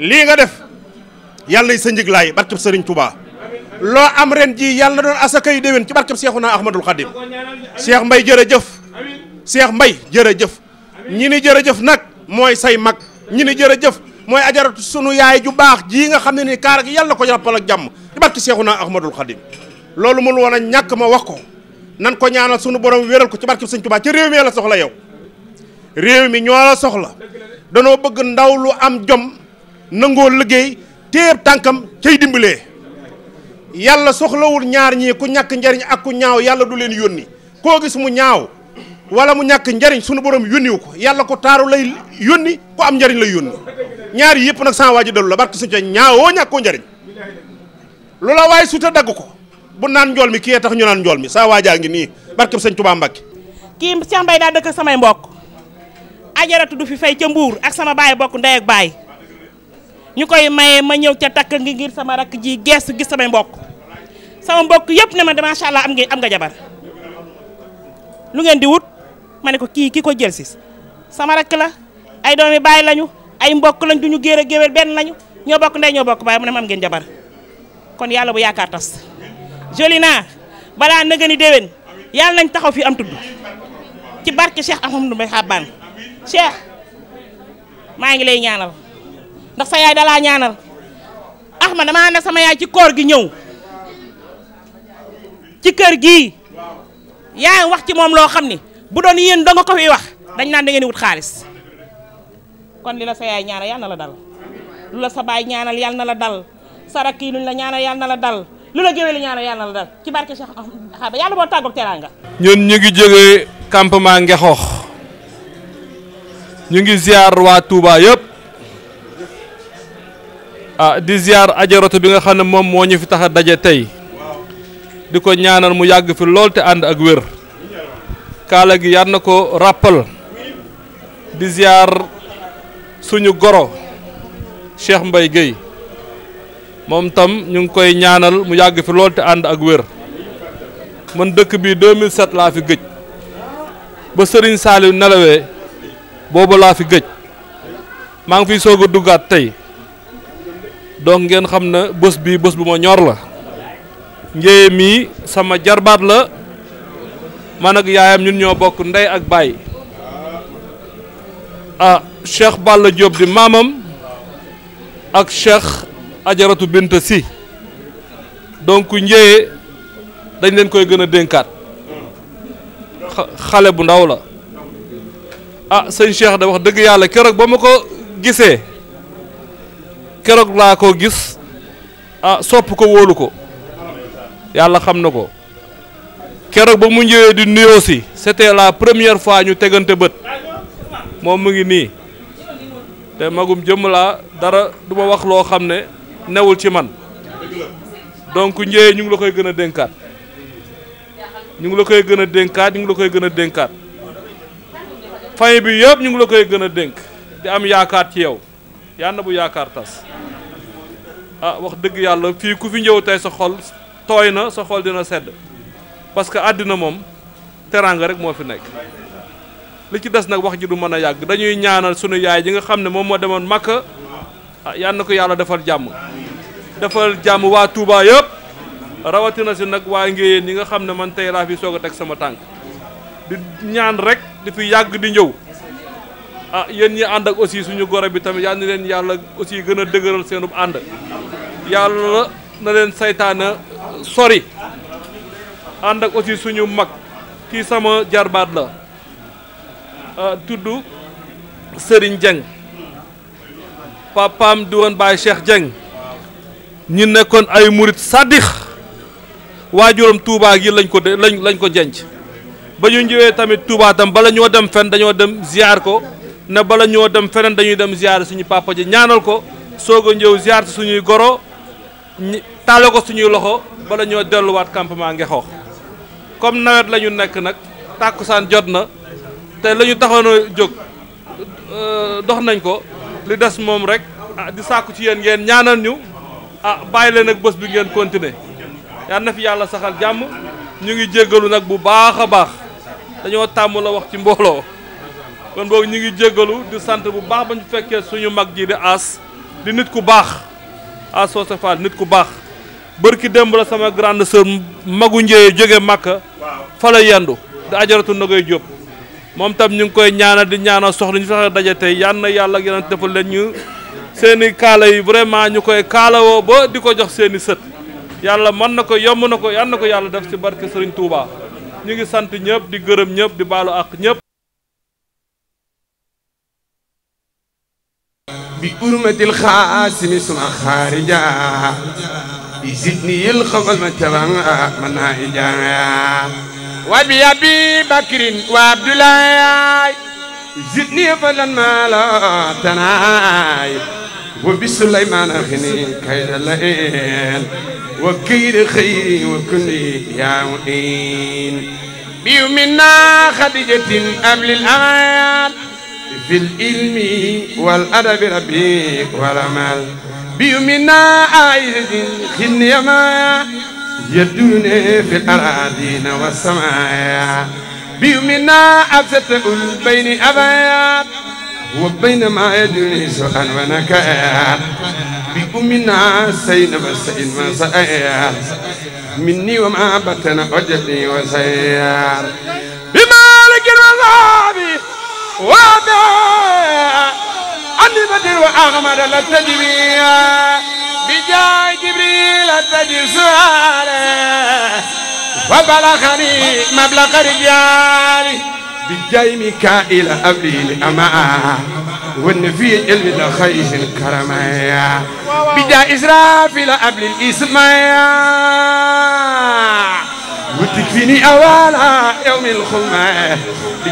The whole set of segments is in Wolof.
lii nga def yàlla nay sa njëglaay barkeb sëriñ Touba loo am ren jii yàlla na doon asaka yu déwén ci barkeb Seexuna Ahmadul Xadim Cheikh Mbay jëf Cheikh Mbay jër jëf ñi ni jërëjëf nag mooy say mag ñi ni jëf mooy ajaratu sunu yaay ju baax jii nga xam ne ni kaar gi yàlla ko jàppal ak jàmm ci barke Seexuna Ahmadul Xadim loolu mënu woon a ñàkk ma wax ko nan ko ñaanal sunu borom wéral ko ci barke Sëñ Tuubaa ci réew mi la soxla yow réew bëgg ndaw lu am jom nangoo liggéey téeb tànkam cay dimbalee yàlla soxlawul ñaar ñii ku ñàkk njariñ ak ku ñaaw yàlla du leen yónni koo gis mu ñaaw walla mu ñàkk njariñ sunu borom yónniwu ko yàlla ko taaru lay yónni ku am njariñ lay yónni ñaar yëpp nag sama waa ji dellu la barke suñu ñaawoo ñàkkoo njariñ lu la waaye suta dagg ko bu naan njool mi kii tax ñu naan njool mi saa waajaa ngi nii barkeb sañ Tuubaa Mbàkke kii Cheikh Mbaye daa dëkk ak samay mbokk ajaratu du fi fay ca mbuur ak sama baay bokk baay ñu koy maye ma ñëw ca takk ngi ngir sama rakk ji geesu gis samay mbokk sama mbokk yëpp ne ma macha allah am nga am nga jabar lu ngeen di wut ma ne ko kii ki ko jël si sama rakk la ay doomi baay lañu ay mbokk lañ du ñu géer a géwél benn lañu ñoo bokk ndey ñoo bokk baay mu ne ma am ngeen jabar kon yàlla bu yaakaar tas joli naa balaa nëgë ni déwén yàlla nañ taxaw fi am tudd ci barke Cheikh Ahmadou Mbaye Xabaan Cheikh maa ngi lay ñaanal. ndax sa yaay dalaa ñaanal axma damaa ànd sama yaay ci koor gi ñëw ci kër gii yaayam wax ci moom loo xam ni bu doon yéen danga ko fi wax dañ naan da ngeen wut xaalis kon di la sa yaay ñaanal yal na la dal lu la sa baay yal na la dal sa rakk yi luñ la ñaanal yal na la dal lu la géwél ñaanal yal na la ci barke Cheikh yàlla boo tàggoog teraanga ñun ñu ngi jógee campement Ngexoox ñu ngi ziar waa Touba yëpp. ah di ziar ajaratu bi nga xam ne moom moo ñu fi tax a daje tey di ko ñaanal mu yàgg fi lool te ànd ak wér kaala gi yar na ko rappal di suñu goro Cheikh mbay Guèye moom tam ñu ngi koy ñaanal mu yàgg fi lool te ànd ak wér man dëkk bi 2007 laa fi géej ba Serigne Saliou nelawee boobu laa fi géej maa ngi fiy soog a duggaat tey donc ngeen xam na bës bii bës bu ma ñor la njéye mii sama jarbaat la man ak yaayam ñun ñoo bokk ndey ak baay ah Cheikh Balla Diop di maamam ak Cheikh Ajaratu bint Si donc njéye dañ leen koy gën a dénkaat xale bu ndaw la ah sëñ Cheikh da wax dëgg yàlla keroog ba ma ko gisee keroog laa ko gis ah sopp ko wóolu ko yàlla xam na ko keroog ba mu ñëwee di nuyoo si c'était la première fois ñu tegante bët moom mu ngi nii te magum jëmm laa dara duma wax loo xam ne newul ci man donc njëyee ñu ngi la koy gën a dénkaat ñu ngi la koy gën a dénkaat ñu ngi la koy gën a dénkaat famille bi yëpp ñu ngi la koy gën a dénk di am yaakaar ci yow yaa na bu yaakaar tas ah wax dëgg yàlla fii ku fi ñëw tey sa xol tooy na sa xol dina sedd parce que àddina moom teraanga rek moo fi nekk li ci des nag wax ji du mën a yàgg dañuy ñaanal sunu yaay ji nga xam ne moom moo demoon Makka ah yal ko yàlla defal jàmm defal jàmm waa Touba yëpp rawatina si nag waa Ngéyeen yi nga xam ne man tey laa fi soog a teg sama tànk di ñaan rek di fi yàgg di ñëw. ah yéen ñi ànd ak aussi suñu goro bi tamit yal na leen yàlla aussi gën a dëgëral seenub ànd yàlla na leen saytaana sori ànd ak aussi suñu mag kii sama jarbaat la ah, tudd sëriñ jeng papaam di woon Baye Cheikh Dieng ñu nekkoon ay murit sadix waajuram tuubaa gi lañ ko de lañ ko jenc ba ñu jëwee tamit Touba tam bala ñoo dem fen dañoo dem ziar ko na bala ñoo dem feneen dañuy dem ziar suñu papa ji ñaanal ko soog a ñëw ziar suñuy goro taale ko suñuy loxo bala ñoo delluwaat campement Ngexoox comme nawet la ñu nekk nag tàkkusaan jot na te la ñu taxoon a jóg euh, dox nañ ko li des moom rek ah, di sàkku ci yéen ngeen ñaanal ñu ah bàyyi leen ak bés bi ngeen continuer yal na fi yàlla saxal jàmm ñu ngi jéggalu nag bu baax a baax dañoo tàmm la wax ci mbooloo kon boobu ñu ngi jéggalu di sant bu baax ba ñu fekkee suñu mag ji di aas di nit ku baax aas Socé Fall nit ku baax bërki démb la sama grande sœur magu njëyee jóge Màkka fa la yendu di ajaratu na jóg moom tam ñu ngi koy ñaanal di ñaanal soxla ñu fexe daje tey yal na yàlla ak yeneen defal leen ñu seeni i kaala yi vraiment ñu koy kaalawoo ba di ko jox seen i sët yàlla mën na ko yomb na ko yal ko yàlla def ci barke Serigne Touba ñu ngi sant ñëpp di gërëm ñëpp di baalo àq ñëpp. bi urmatil xaasimi suma xaarija bi sidni yil xamal ma tabanga ma naa ijaaya wa bi abi wa abdulaay sidni falan maalo tanaay wa bi sulaymaan axini kayda layn wa kayda xayri wa kunni yaa muin bi minna xadijatin am lil amaan في العلم والأدب ربيك والعمل بيومنا عائد خلني ما يدوني في الأراضين والسماء بيومنا أبسط بين أبيات وبين ما يدوني سؤال ونكايات بأمنا سين وسين وسيار مني وما بتنا أجلي وسيار بمالك الوزار وابا علي بدر واغمد لا تجري بجاي جبريل تجري سؤاله وبلغني مبلغ رجالي بجاي ميكائيل ابريل اما والنبي علم الخير الكرمية بجاي اسرافيل قبل الاسمية أمني أول يوم الخمة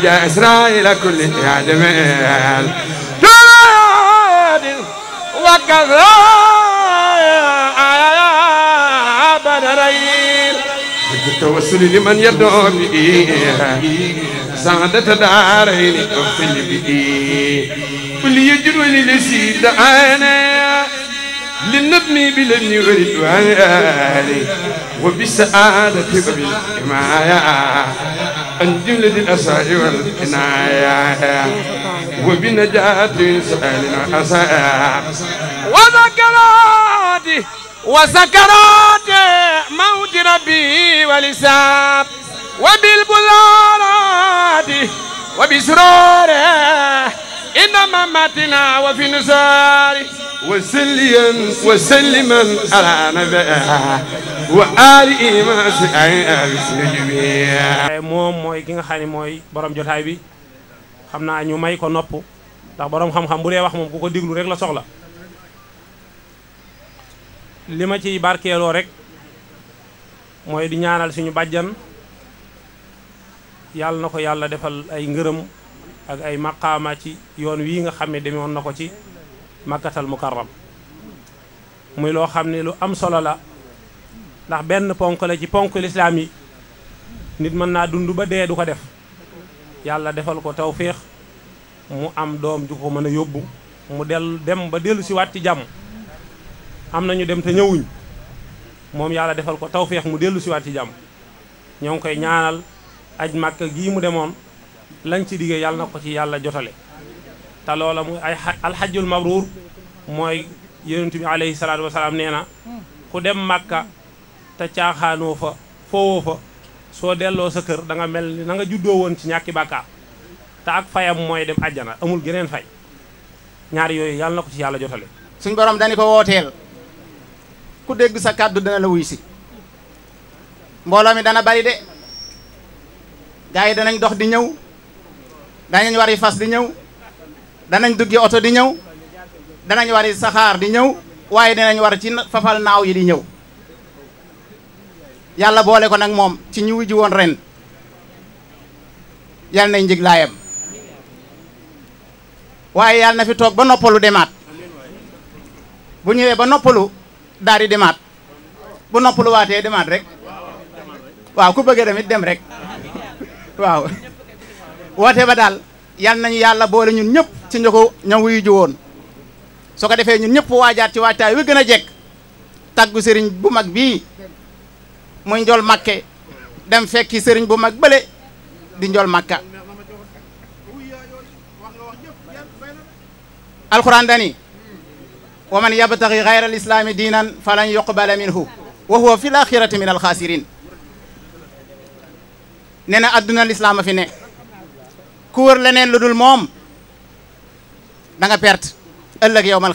جاء إسرائيل كل يعلمين دولاد وكذا بدرين التوسل لمن يدعو به سعادة دارين أفل به وليجرني لسيد عيني للنبني بلبني ورضوان آلي وبسعادة وبالحماية عن جملة الأساء والعناية وبنجاة سؤال وأساء وذكراتي وسكرات موت ربي ولساب وبالبلالات وبسرور إنما ماتنا وفي نزاري وسليا وسلما على نبيها وآله ما سعي eh, moom mooy ki nga xam ne mooy borom jotaay bi xam naa ñu may ko nopp ndax boroom xam-xam bu dee wax moom ku ko diglu rek la soxla li ma ciy barkeeloo rek mooy di ñaanal suñu bàjjan yàlla na ko yàlla defal ay ngërëm ak ay maqaama ci yoon wii nga xam ne demoon na ko ci makkatal mukarram muy loo xam ne lu am solo la ndax benn ponk la ci ponk lislaam yi nit mën naa dund ba dee du ko def yàlla defal ko tawféex mu am doom ju ko mën a yóbbu mu del dem ba dellu si waat ci jàmm am nañu dem te ñëwuñ moom yàlla defal ko tawféex mu dellu si waat ci jàmm ñoo ngi koy ñaanal aj màkk gii mu demoon lañ ci diggee yàlla ko ci yàlla jotale te loola muy ay alxajjul mabruur mooy yonent bi alayhi salaatu nee na ku dem màkka te caaxaanoo fa foowoo fa soo delloo sa kër danga mel ni na juddoo woon ci ñàkki bàkkaar te ak fayam mooy dem àjjana amul geneen fay ñaar yooyu yàlla na ko ci yàlla jotale suñ borom dañu ko wooteel ku dégg sa kàddu dana la wuy si mbooloo mi dana bari de gars danañ dox di ñëw danañ war fas di ñëw danañ duggi oto di ñëw danañ wari saxaar di ñëw waaye dinañ war ci fafal naaw yi di ñëw yàlla boole ko nag moom ci ñu wujju woon ren yàlla nañ njig laayam waaye yàlla na fi toog ba noppalu demaat bu ñëwee ba noppalu daal di demaat bu noppalu waatee demaat rek waaw ku bëggee tamit dem rek waaw woote ba daal yal nañu yàlla boole ñun ñëpp ci ña ko ña wuyu woon su ko defee ñun ñëpp waajaat ci waajtaay wi gën a jekk taggu sëriñ bu mag bii muy njool makke dem fekki sëriñ bu mag bële di njool makka alquran dani wa man yabtaxi xayra al islaami diinan falan yuqbala minhu wa huwa fi l min alxaasirin nee na adduna lislaama fi ne ku wër leneen lu dul moom da nga perte ëllëg yow mal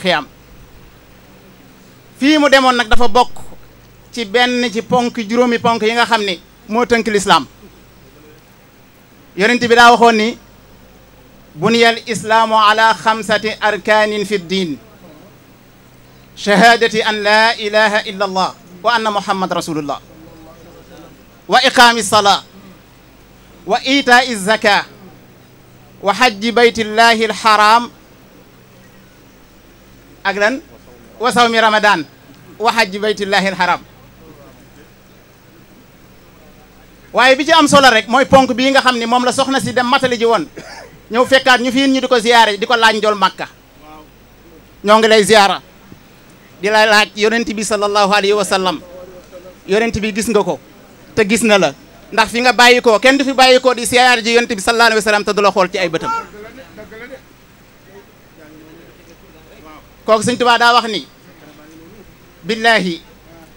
fii mu demoon nag dafa bokk ci benn ci ponk juróomi ponk yi nga xam ni moo tënk lislaam yonent bi daa waxoon ni buniyal islaamu ala xamsati arkaanin fi diin shahaadati an laa ilaha illa allah wa anna muhammad rasulullah wa iqaami salaa wa itaa zaka wa xajji baytillahi alxaraam ak lan wa sawmi ramadaan wa xajji baytillahi alxaraam waaye bi ci am solo rek mooy ponk bii nga xam ni moom la soxna si dem matali woon ñëw fekkaat ñu fiin ñu di ko ziyaare di ko laaj njool màkka ñoo ngi lay ziyaara di la laaj yonent bi sallallahu alayhi wa sallam yonent bi gis nga ko te gis na la ndax fi nga bàyyi koo kenn du fi bàyyi di siyaar ji yonent bi sallallahu alayhi wa sallam xool ci ay bëtam kooku Sëñ daa wax ni billaahi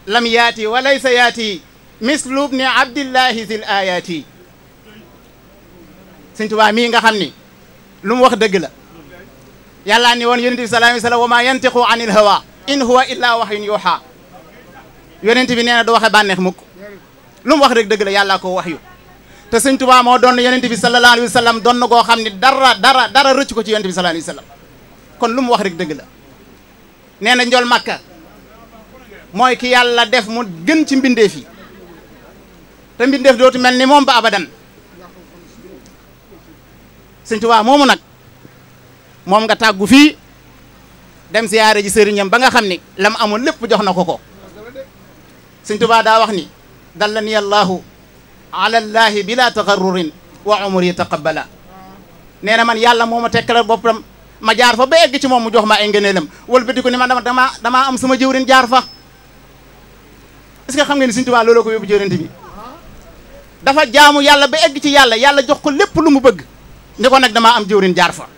lam yaati wa laysa yaati mislu ibni abdillahi zil ayaati Sëñ mii nga xam ni lu wax dëgg la yàllaa ni woon yonent bi sallallahu alayhi wa sallam wa maa yantiqu anil hawa in huwa illa wahyun yuuhaa yonent bi na du waxe bànneex mukk lu wax rek dëgg la yàllaa ko wax yu te sëñ Tuubaa moo doon yonent bi sallallahu alayhi wa sallam doon na koo xam ni dara dara dara rëcc ko ci yonent bi sallallahu alayhi wa kon lu mu wax rek dëgg la nee na njool makka mooy ki yàlla def mu gën ci mbindeef yi te mbindeef dootu mel ni moom ba abadan sëñ Tuubaa moomu nag moom nga tàggu fii dem siyaare ji sëriñam ba nga xam ni lam amoon lépp jox na ko ko sëñ Tuubaa daa wax ni dallani allahu ala llaahi bila taxarrurin wa umri taqabbala nee na man yàlla moo ma tekkale boppam ma jaar fa ba egg ci moom mu jox ma ay ngëneelam wal bidi ko ni man dama damaa am suma jëwrin jaar fa est-ce que xam ngeen ni Sëñ Tuubaa looloo ko yóbbu jëwrinte bi dafa jaamu yàlla ba egg ci yàlla yàlla jox ko lépp lu mu bëgg ni ko nag dama am jëwrin jaar fa